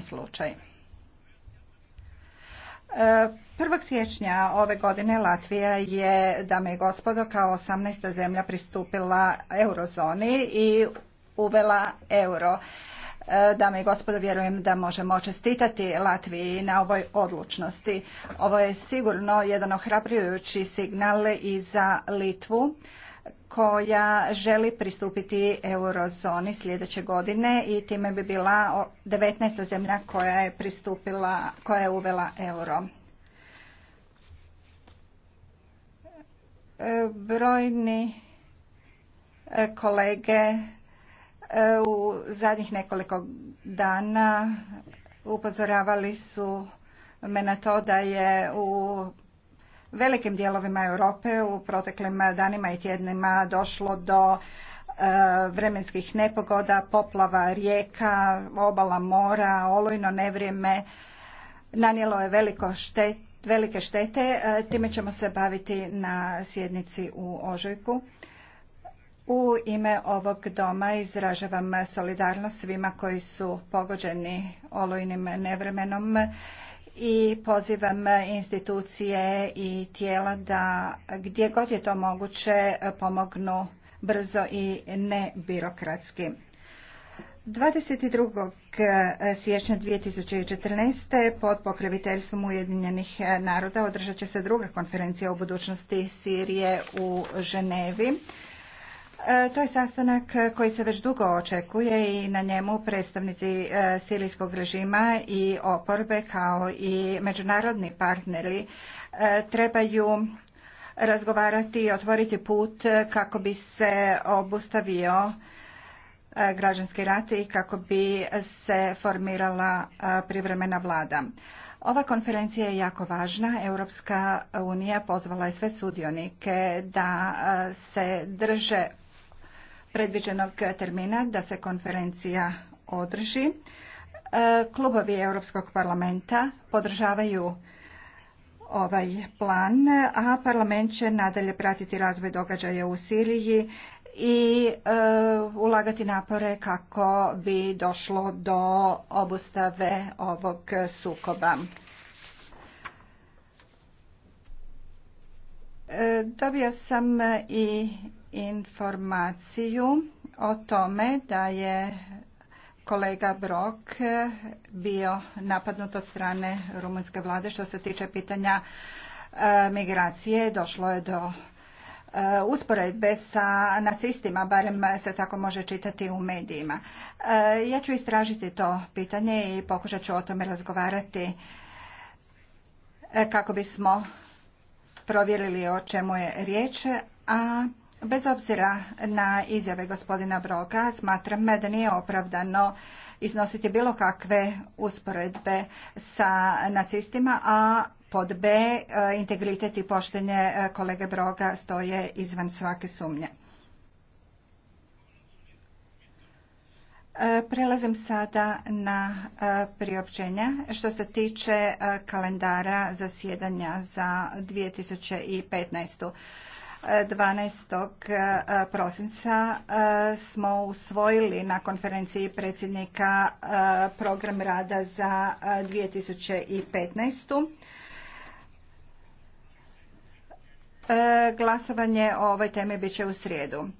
slučaj. 1. E, siječnja ove godine Latvija je, dame i gospodo, kao 18. zemlja pristupila eurozoni i uvela euro. E, dame i gospodo, vjerujem da možemo čestitati Latviji na ovoj odlučnosti. Ovo je sigurno jedan ohrabrujući signal i za Litvu koja želi pristupiti eurozoni sljedeće godine i time bi bila 19. zemlja koja je pristupila, koja je uvela euro. E, brojni e, kolege e, u zadnjih nekoliko dana upozoravali su me na to da je u velikim dijelovima Europe u proteklim danima i tjednima došlo do e, vremenskih nepogoda, poplava rijeka, obala mora, olujno nevrijeme. Nanijelo je veliko velike štete. E, time ćemo se baviti na sjednici u Ožujku. U ime ovog doma izražavam solidarnost svima koji su pogođeni olujnim nevremenom i pozivam institucije i tijela da gdje god je to moguće pomognu brzo i nebirokratski. 22. siječnja 2014. pod pokroviteljstvom Ujedinjenih naroda održat će se druga konferencija o budućnosti Sirije u Ženevi. E, to je sastanak e, koji se već dugo očekuje i na njemu predstavnici e, sirijskog režima i oporbe kao i međunarodni partneri trebaju razgovarati i otvoriti put kako bi se obustavio građanski rat i kako bi se formirala privremena vlada. Ova konferencija je jako važna. Europska unija pozvala je sve sudionike da se drže predviđenog termina da se konferencija održi. E, klubovi Europskog parlamenta podržavaju ovaj plan, a parlament će nadalje pratiti razvoj događaja u Siriji i e, ulagati napore kako bi došlo do obustave ovog sukoba. E, dobio sam i informaciju o tome da je kolega Brok bio napadnut od strane rumunjske vlade što se tiče pitanja e, migracije. Došlo je do e, usporedbe sa nacistima, barem se tako može čitati u medijima. Ja ću istražiti to pitanje i pokušat ću o tome razgovarati kako bismo provjerili o čemu je riječ, a bez obzira na izjave gospodina Broka, smatram da nije opravdano iznositi bilo kakve usporedbe sa nacistima, a pod B eh, integritet i poštenje eh, kolege Broga stoje izvan svake sumnje. E, prelazim sada na e, priopćenja. Što se tiče e, kalendara zasjedanja za 2015. 12. prosinca smo usvojili na konferenciji predsjednika program rada za 2015. Glasovanje o ovoj temi bit će u srijedu.